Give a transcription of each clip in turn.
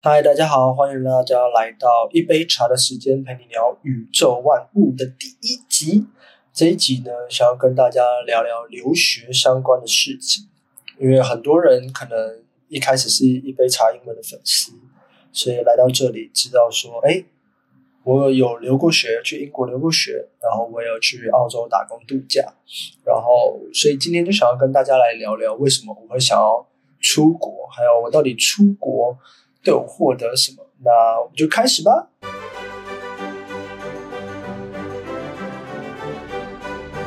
嗨，大家好，歡迎大家來到一杯茶的時間，陪你聊宇宙萬物的第一集。這一集呢，想要跟大家聊聊留學相關的事情，因為很多人可能一開始是一杯茶英文的粉絲，所以來到這裡知道說，誒，我有留過學，去英國留過學，然後我也有去澳洲打工度假，然後所以今天就想要跟大家來聊聊為什麼我會想要出國，還有我到底出國。都有獲得什麼？那我們就開始吧。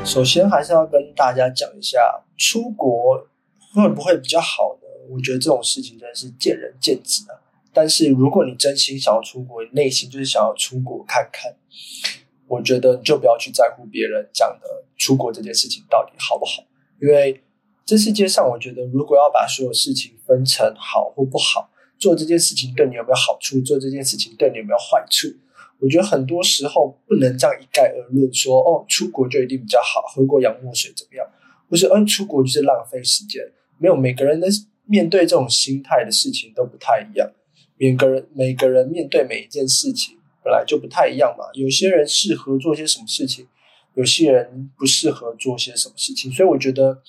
首先，還是要跟大家講一下，出國會不會比較好呢？我覺得這種事情真的是見仁見智啊。但是，如果你真心想要出國，內心就是想要出國看看，我覺得你就不要去在乎別人講的出國這件事情到底好不好，因為這世界上，我覺得如果要把所有事情分成好或不好。做這件事情對你有沒有好處？做這件事情對你有沒有壞處？我覺得很多時候不能這樣一概而論說哦，出國就一定比較好，喝過洋墨水怎麼樣？不是，嗯、哦，出國就是浪費時間。沒有，每個人的面對這種心態的事情都不太一樣。每個人每個人面對每一件事情本來就不太一樣嘛。有些人適合做些什麼事情，有些人不適合做些什麼事情。所以我覺得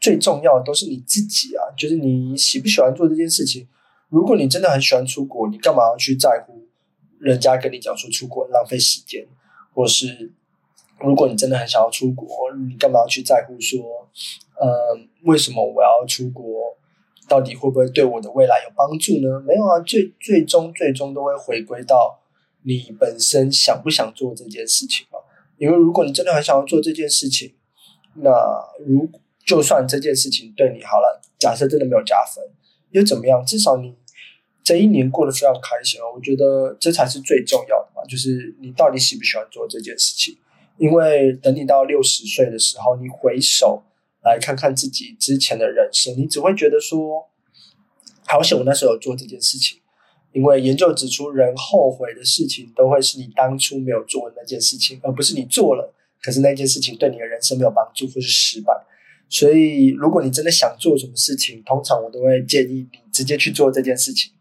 最重要的都是你自己啊，就是你喜不喜歡做這件事情。如果你真的很喜歡出國，你幹嘛要去在乎人家跟你講說出國浪費時間？或是如果你真的很想要出國，你幹嘛要去在乎說，呃，為什麼我要出國？到底會不會對我的未來有幫助呢？沒有啊，最最終最終都會回歸到你本身想不想做這件事情了啊。因為如果你真的很想要做這件事情，那如就算這件事情對你好了，假設真的沒有加分，又怎麼樣？至少你這一年過得非常開心哦，我覺得這才是最重要的嘛，就是你到底喜不喜歡做這件事情？因為等你到六十歲的時候，你回首來看看自己之前的人生，你只會覺得說：“好險我那時候有做這件事情。”因為研究指出，人後悔的事情都會是你當初沒有做的那件事情，而不是你做了，可是那件事情對你的人生沒有幫助或是失敗。所以，如果你真的想做什麼事情，通常我都會建議你直接去做這件事情。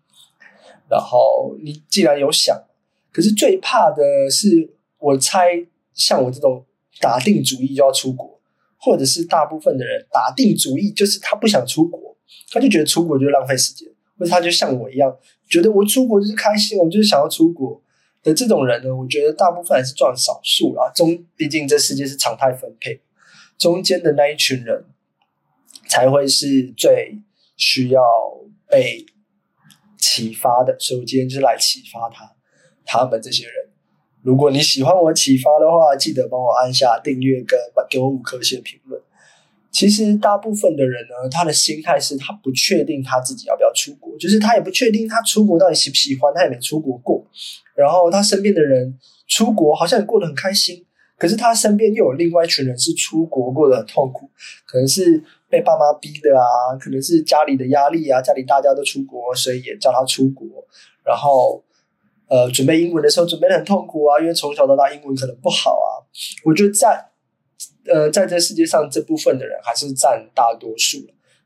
然後，你既然有想，可是最怕的是，我猜像我這種打定主意就要出國，或者是大部分的人打定主意就是他不想出國，他就覺得出國就浪費時間，或者他就像我一樣，覺得我出國就是開心，我就是想要出國的這種人呢，我覺得大部分還是占少數啊。中，畢竟這世界是常態分配。中間的那一群人，才會是最需要被啟發的。所以我今天就是來啟發他、他們這些人。如果你喜歡我啟發的話，記得幫我按下訂閱跟給我五顆星評論。其實大部分的人呢，他的心態是他不確定他自己要不要出國，就是他也不確定他出國到底喜不喜歡，他也沒出國過。然後他身邊的人出國好像也過得很開心。可是他身邊又有另外一群人是出國過得很痛苦，可能是被爸媽逼的啊，可能是家裡的壓力啊，家裡大家都出國，所以也叫他出國。然後，呃，準備英文的時候準備的很痛苦啊，因為從小到大英文可能不好啊。我覺得在，呃，在這世界上這部分的人還是佔大多數，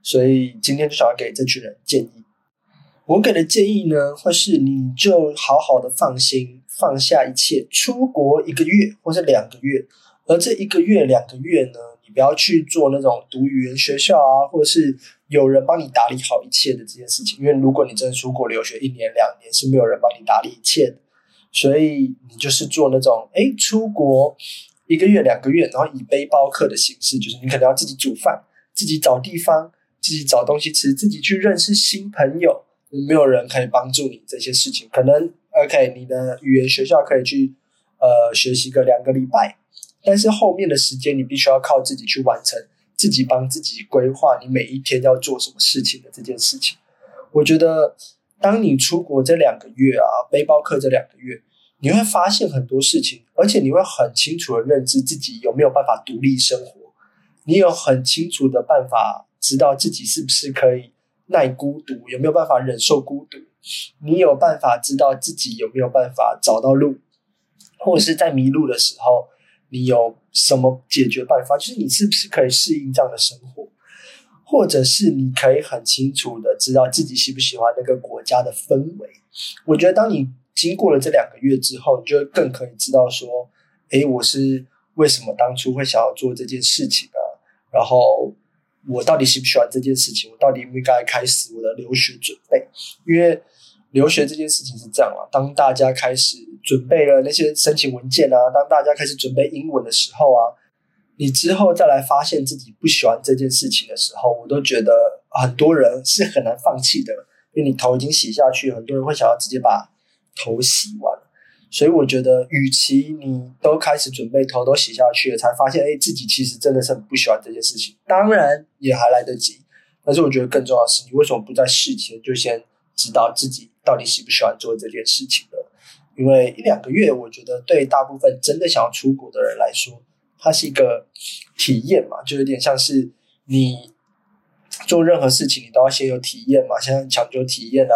所以今天就想要給這群人建議。我給的建議呢，會是你就好好的放心，放下一切，出國一個月或者兩個月。而這一個月兩個月呢，你不要去做那種讀語言學校啊，或者是有人幫你打理好一切的這件事情。因為如果你真的出國留學一年兩年，是沒有人幫你打理一切的。所以你就是做那種，誒，出國一個月，兩個月，然後以背包客的形式，就是你可能要自己煮飯，自己找地方，自己找東西吃，自己去認識新朋友。沒有人可以幫助你這些事情，可能 OK，你的語言學校可以去，呃，學習個兩個禮拜，但是後面的時間你必須要靠自己去完成，自己幫自己規劃你每一天要做什麼事情的這件事情。我覺得，當你出國這兩個月啊，背包客這兩個月，你會發現很多事情，而且你會很清楚的認知自己有沒有辦法獨立生活，你有很清楚的辦法知道自己是不是可以。耐孤獨，有沒有辦法忍受孤獨？你有辦法知道自己有沒有辦法找到路，或者是在迷路的時候，你有什麼解決辦法？就是你是不是可以適應這樣的生活，或者是你可以很清楚的知道自己喜不喜歡那個國家的氛圍？我覺得，當你經過了這兩個月之後，你就更可以知道說，誒、欸，我是為什麼當初會想要做這件事情啊？然後。我到底喜不喜歡這件事情？我到底應該開始我的留學準備？因為留學這件事情是這樣啊，當大家開始準備了那些申請文件啊，當大家開始準備英文的時候啊，你之後再來發現自己不喜歡這件事情的時候，我都覺得很多人是很難放棄的，因為你頭已經洗下去，很多人會想要直接把頭洗完。所以我覺得，與其你都開始準備，頭都洗下去了，才發現，哎，自己其實真的是很不喜歡這件事情。當然也還來得及，但是我覺得更重要的是，你為什麼不在事前就先知道自己到底喜不喜歡做這件事情呢？因為一兩個月，我覺得對大部分真的想要出國的人來說，它是一個體驗嘛，就有點像是你做任何事情，你都要先有體驗嘛，像搶先體驗啊，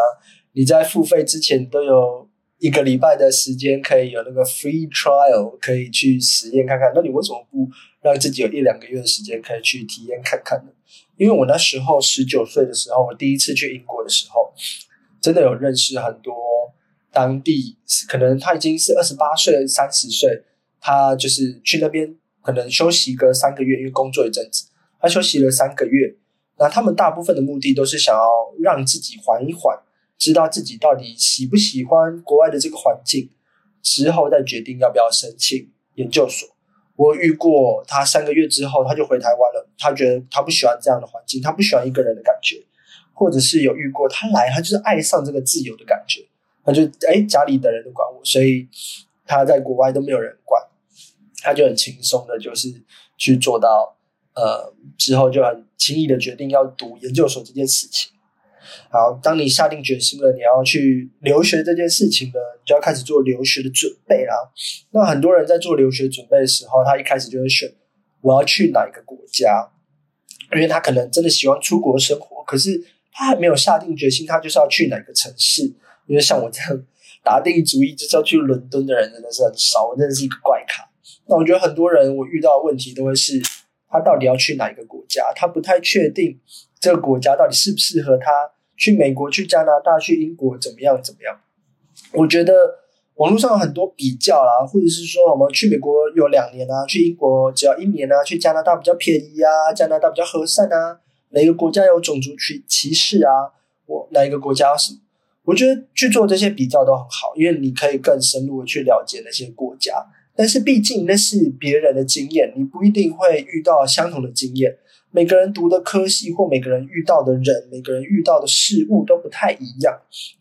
你在付費之前都有。一個禮拜的時間可以有那個 free trial，可以去實驗看看。那你為什麼不讓自己有一兩個月的時間可以去體驗看看呢？因為我那時候十九歲的時候，我第一次去英國的時候，真的有認識很多當地，可能他已經是二十八歲、三十歲，他就是去那邊可能休息個三個月，因為工作一陣子，他休息了三個月。那他們大部分的目的都是想要讓自己緩一緩。知道自己到底喜不喜歡國外的這個環境之後，再決定要不要申請研究所。我遇過他三個月之後，他就回臺灣了。他覺得他不喜歡這樣的環境，他不喜歡一個人的感覺，或者是有遇過他來，他就是愛上這個自由的感覺。他就哎、欸，家裡的人都管我，所以他在國外都沒有人管，他就很輕鬆的，就是去做到呃，之後就很輕易的決定要讀研究所這件事情。好，當你下定決心了，你要去留學這件事情呢，你就要開始做留學的準備啦。那很多人在做留學準備的時候，他一開始就會選我要去哪一個國家，因為他可能真的喜歡出國生活，可是他還沒有下定決心，他就是要去哪個城市。因為像我這樣打定主意就是要去倫敦的人真的是很少，我真的是一個怪咖。那我覺得很多人我遇到的問題都會是，他到底要去哪一個國家？他不太確定這個國家到底適不適合他。去美國、去加拿大、去英國怎麼樣？怎麼樣？我覺得網絡上有很多比較啦、啊，或者是說什麼去美國有兩年啊，去英國只要一年啊，去加拿大比較便宜啊，加拿大比較和善啊，哪個國家有種族歧歧視啊？我哪一個國家是什麼？我覺得去做這些比較都很好，因為你可以更深入的去了解那些國家。但是畢竟那是別人的經驗，你不一定會遇到相同的經驗。每個人讀的科系，或每個人遇到的人、每個人遇到的事物都不太一樣。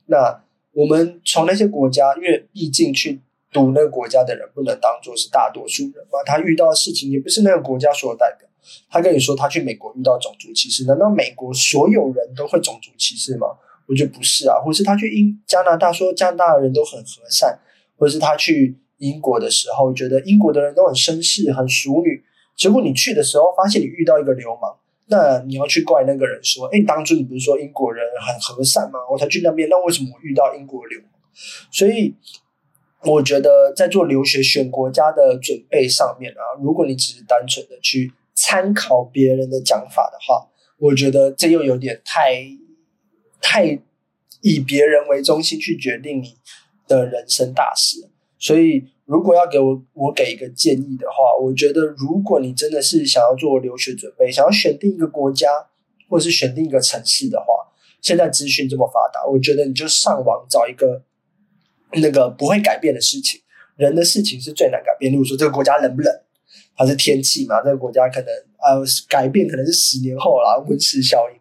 那我們從那些國家，因為畢竟去讀那個國家的人不能當做是大多數人嘛，他遇到的事情也不是那個國家所有代表。他跟你說他去美國遇到種族歧視，難道美國所有人都會種族歧視嗎？我覺得不是啊。或是他去英加拿大說加拿大的人都很和善，或者是他去英國的時候覺得英國的人都很紳士、很淑女。結果你去的時候，發現你遇到一個流氓，那你要去怪那個人說：“誒，當初你不是說英國人很和善嗎？我、哦、才去那邊，那為什麼我遇到英國流氓？”所以，我覺得在做留學選國家的準備上面啊，如果你只是單純的去參考別人的講法的話，我覺得這又有點太，太以別人為中心去決定你的人生大事，所以。如果要給我我給一個建議的話，我覺得如果你真的是想要做留學準備，想要選定一個國家或是選定一個城市的話，現在資訊這麼發達，我覺得你就上網找一個那個不會改變的事情，人的事情是最難改變。如果說這個國家冷不冷，它是天氣嘛？這個國家可能啊、呃、改變可能是十年後啦，溫室效應。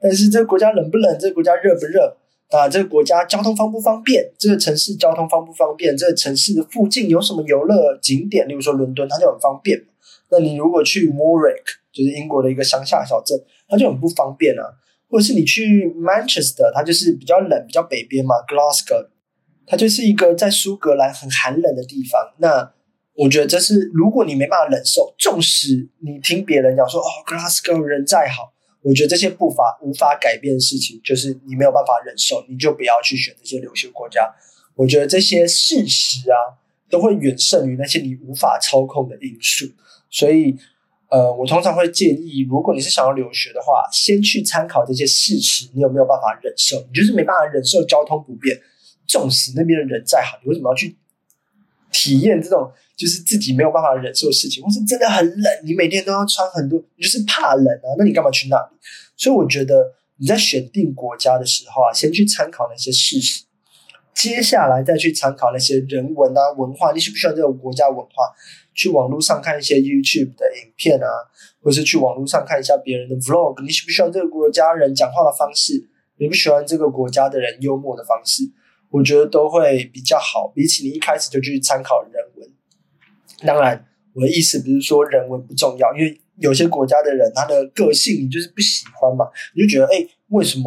但是這個國家冷不冷？這個國家熱不熱？啊、呃，這個國家交通方不方便？這個城市交通方不方便？這個城市的附近有什麼遊樂景點？例如說倫敦，它就很方便。那你如果去 Warwick 就是英國的一個鄉下小鎮，它就很不方便啊。或者是你去 Manchester，它就是比較冷，比較北邊嘛。Glasgow，它就是一個在蘇格蘭很寒冷的地方。那我覺得這是如果你沒辦法忍受，縱使你聽別人講說哦，Glasgow 人再好。我覺得這些不法無法改變的事情，就是你沒有辦法忍受，你就不要去選這些留學國家。我覺得這些事實啊，都會遠勝於那些你無法操控的因素。所以，呃，我通常會建議，如果你是想要留學的話，先去參考這些事實。你有沒有辦法忍受？你就是沒辦法忍受交通不便，縱使那邊的人再好，你為什麼要去體驗這種？就是自己沒有辦法忍受的事情，或是真的很冷，你每天都要穿很多，你就是怕冷啊。那你幹嘛去那裡？所以我覺得你在選定國家的時候啊，先去參考那些事實，接下來再去參考那些人文啊文化，你喜不喜歡這個國家文化？去網絡上看一些 YouTube 的影片啊，或是去網絡上看一下別人的 Vlog。你喜不喜歡這個國家人講話的方式？你不喜歡這個國家的人幽默的方式，我覺得都會比較好，比起你一開始就去參考人文。當然，我的意思不是說人文不重要，因為有些國家的人他的個性就是不喜歡嘛，你就覺得哎、欸，為什麼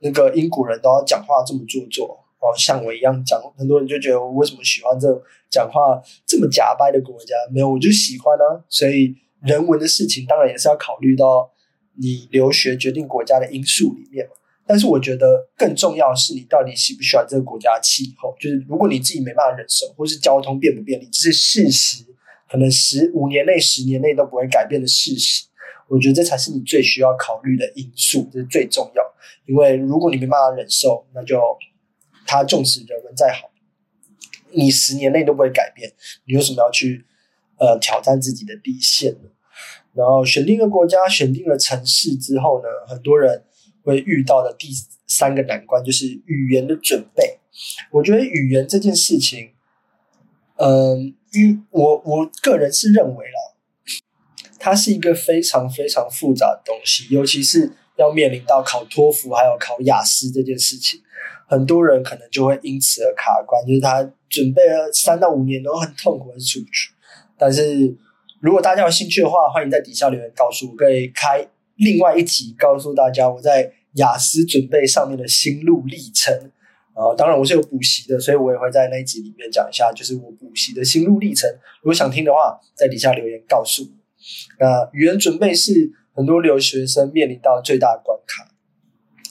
那個英國人都要講話這麼做作哦？像我一樣講，很多人就覺得我為什麼喜歡這種講話這麼假掰的國家？沒有，我就喜歡啊。所以人文的事情當然也是要考慮到你留學決定國家的因素裡面嘛。但是我覺得更重要的是，你到底喜不喜歡這個國家氣候？就是如果你自己沒辦法忍受，或是交通便不便利，這、就是事實，可能十五年內、十年內都不會改變的事實。我覺得這才是你最需要考慮的因素，這是最重要。因為如果你沒辦法忍受，那就它縱使人文再好，你十年內都不會改變，你有什麼要去呃挑戰自己的底線呢？然後選定了國家、選定了城市之後呢，很多人。會遇到的第三個難關，就是語言的準備。我覺得語言這件事情，嗯、呃，因我我個人是認為啦，它是一個非常非常複雜的東西，尤其是要面臨到考托福還有考雅思這件事情，很多人可能就會因此而卡關，就是他準備了三到五年都很痛苦的出不去。但是如果大家有興趣的話，歡迎在底下留言告訴我可以開。另外一集告訴大家我在雅思準備上面的心路歷程啊，然後當然我是有補習的，所以我也會在那一集裡面講一下，就是我補習的心路歷程。如果想聽的話，在底下留言告訴我。那語言準備是很多留學生面臨到最大的關卡，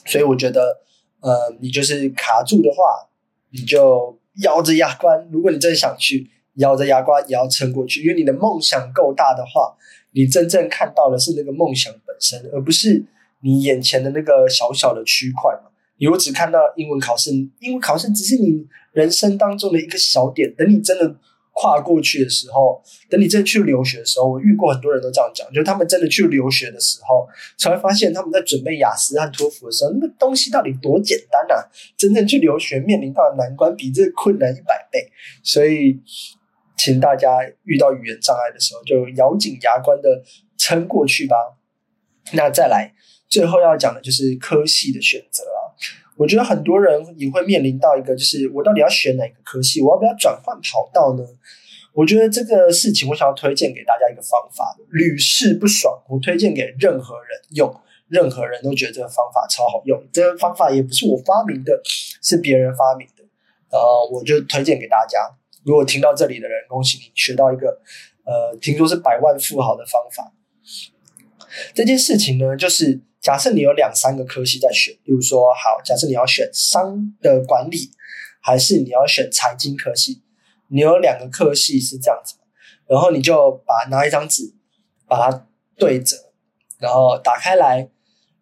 所以我覺得，呃，你就是卡住的話，你就咬着牙關。如果你真的想去，咬着牙關也要撐過去，因為你的夢想夠大的話。你真正看到的是那個夢想本身，而不是你眼前的那個小小的區塊嘛？你，我只看到英文考試，英文考試只是你人生當中的一個小點。等你真的跨過去的時候，等你真的去留學的時候，我遇過很多人都這樣講，就是他們真的去留學的時候，才會發現他們在準備雅思和托福的時候，那個東西到底多簡單啊！真正去留學面臨到的難關，比這困難一百倍。所以。請大家遇到語言障礙的時候，就咬緊牙關的撐過去吧。那再來，最後要講的就是科系的選擇啊。我覺得很多人也會面臨到一個，就是我到底要選哪個科系？我要不要轉換跑道呢？我覺得這個事情，我想要推薦給大家一個方法，屢試不爽。我推薦給任何人用，任何人都覺得這個方法超好用。這個方法也不是我發明的，是別人發明的。呃，我就推薦給大家。如果聽到這裡的人，恭喜你學到一個，呃，聽說是百萬富豪的方法。這件事情呢，就是假設你有兩三個科系在選，比如說，好，假設你要選商的管理，還是你要選財經科系，你有兩個科系是這樣子，然後你就把拿一張紙，把它對折，然後打開來，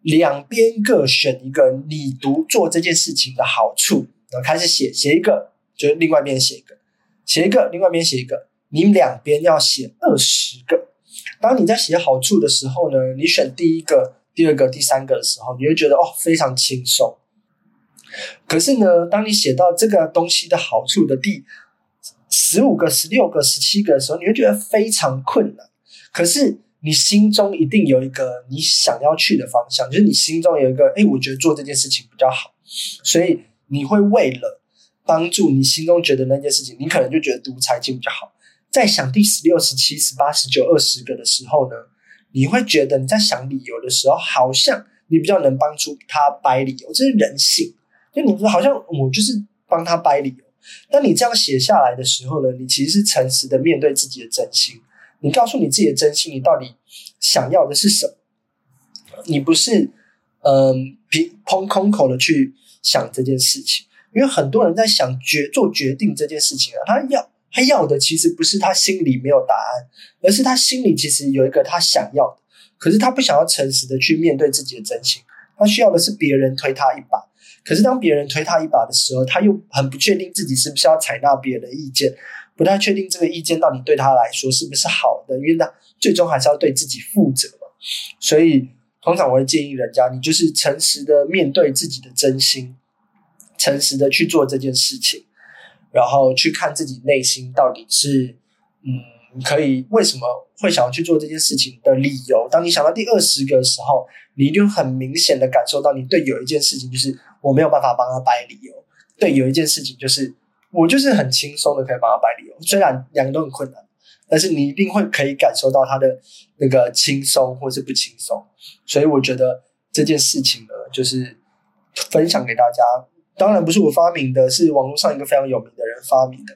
兩邊各選一個你讀做這件事情的好處，然後開始寫，寫一個，就是另外一邊寫一個。寫一個，另外邊寫一個，你兩邊要寫二十個。當你在寫好處的時候呢，你選第一個、第二個、第三個的時候，你會覺得哦，非常輕鬆。可是呢，當你寫到這個東西的好處的第十五個、十六個、十七個的時候，你會覺得非常困難。可是你心中一定有一個你想要去的方向，就是你心中有一個，哎，我覺得做這件事情比較好，所以你會為了。幫助你心中覺得那件事情，你可能就覺得獨裁就比較好。在想第十六、十七、十八、十九、二十個的時候呢，你會覺得你在想理由的時候，好像你比較能幫助他掰理由，這是人性。就你說，好像我就是幫他掰理由。但你這樣寫下來的時候呢，你其實是誠實的面對自己的真心，你告訴你自己的真心，你到底想要的是什麼？你不是嗯、呃，憑空空口的去想這件事情。因為很多人在想決做決定這件事情啊，他要他要的其實不是他心裡沒有答案，而是他心裡其實有一個他想要的，可是他不想要誠實的去面對自己的真心，他需要的是別人推他一把。可是當別人推他一把的時候，他又很不確定自己是不是要採納別人的意見，不太確定這個意見到底對他來說是不是好的，因為他最終還是要對自己負責嘛。所以通常我會建議人家，你就是誠實的面對自己的真心。誠實的去做這件事情，然後去看自己內心到底是嗯可以為什麼會想要去做這件事情的理由。當你想到第二十個的時候，你一定很明顯的感受到，你對有一件事情就是我沒有辦法幫他掰理由，對有一件事情就是我就是很輕鬆的可以幫他掰理由。雖然兩個都很困難，但是你一定會可以感受到他的那個輕鬆或是不輕鬆。所以我覺得這件事情呢，就是分享給大家。當然不是我發明的，是網絡上一個非常有名的人發明的。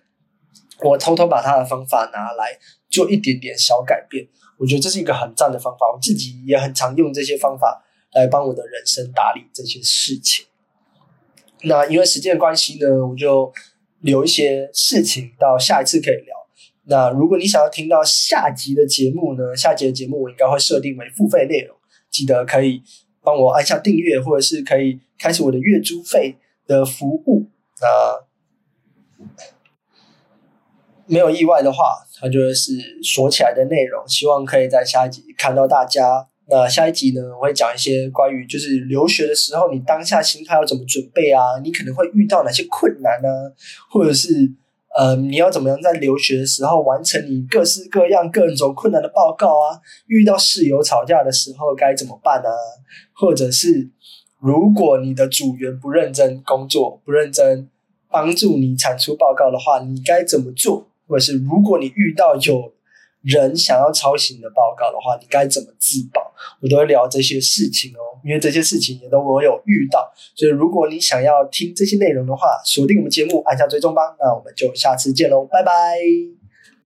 我偷偷把他的方法拿來做一點點小改變，我覺得這是一個很讚的方法。我自己也很常用這些方法來幫我的人生打理這些事情。那因為時間關係呢，我就留一些事情到下一次可以聊。那如果你想要聽到下集的節目呢，下集的節目我應該會設定為付費內容，記得可以幫我按下訂閱，或者是可以開始我的月租費的服務，那、呃、沒有意外的話，它就是鎖起來的內容。希望可以在下一集看到大家。那、呃、下一集呢，我會講一些關於就是留學的時候，你當下心態要怎麼準備啊？你可能會遇到哪些困難呢、啊？或者是呃，你要怎麼樣在留學的時候完成你各式各樣各種困難的報告啊？遇到室友吵架的時候該怎麼辦呢、啊？或者是？如果你的組員不認真工作、不認真幫助你產出報告的話，你該怎麼做？或者是如果你遇到有人想要抄襲你的報告的話，你該怎麼自保？我都會聊這些事情哦，因為這些事情也都我有遇到。所以如果你想要聽這些內容的話，鎖定我們節目，按下追蹤吧。那我們就下次見嘍，拜拜。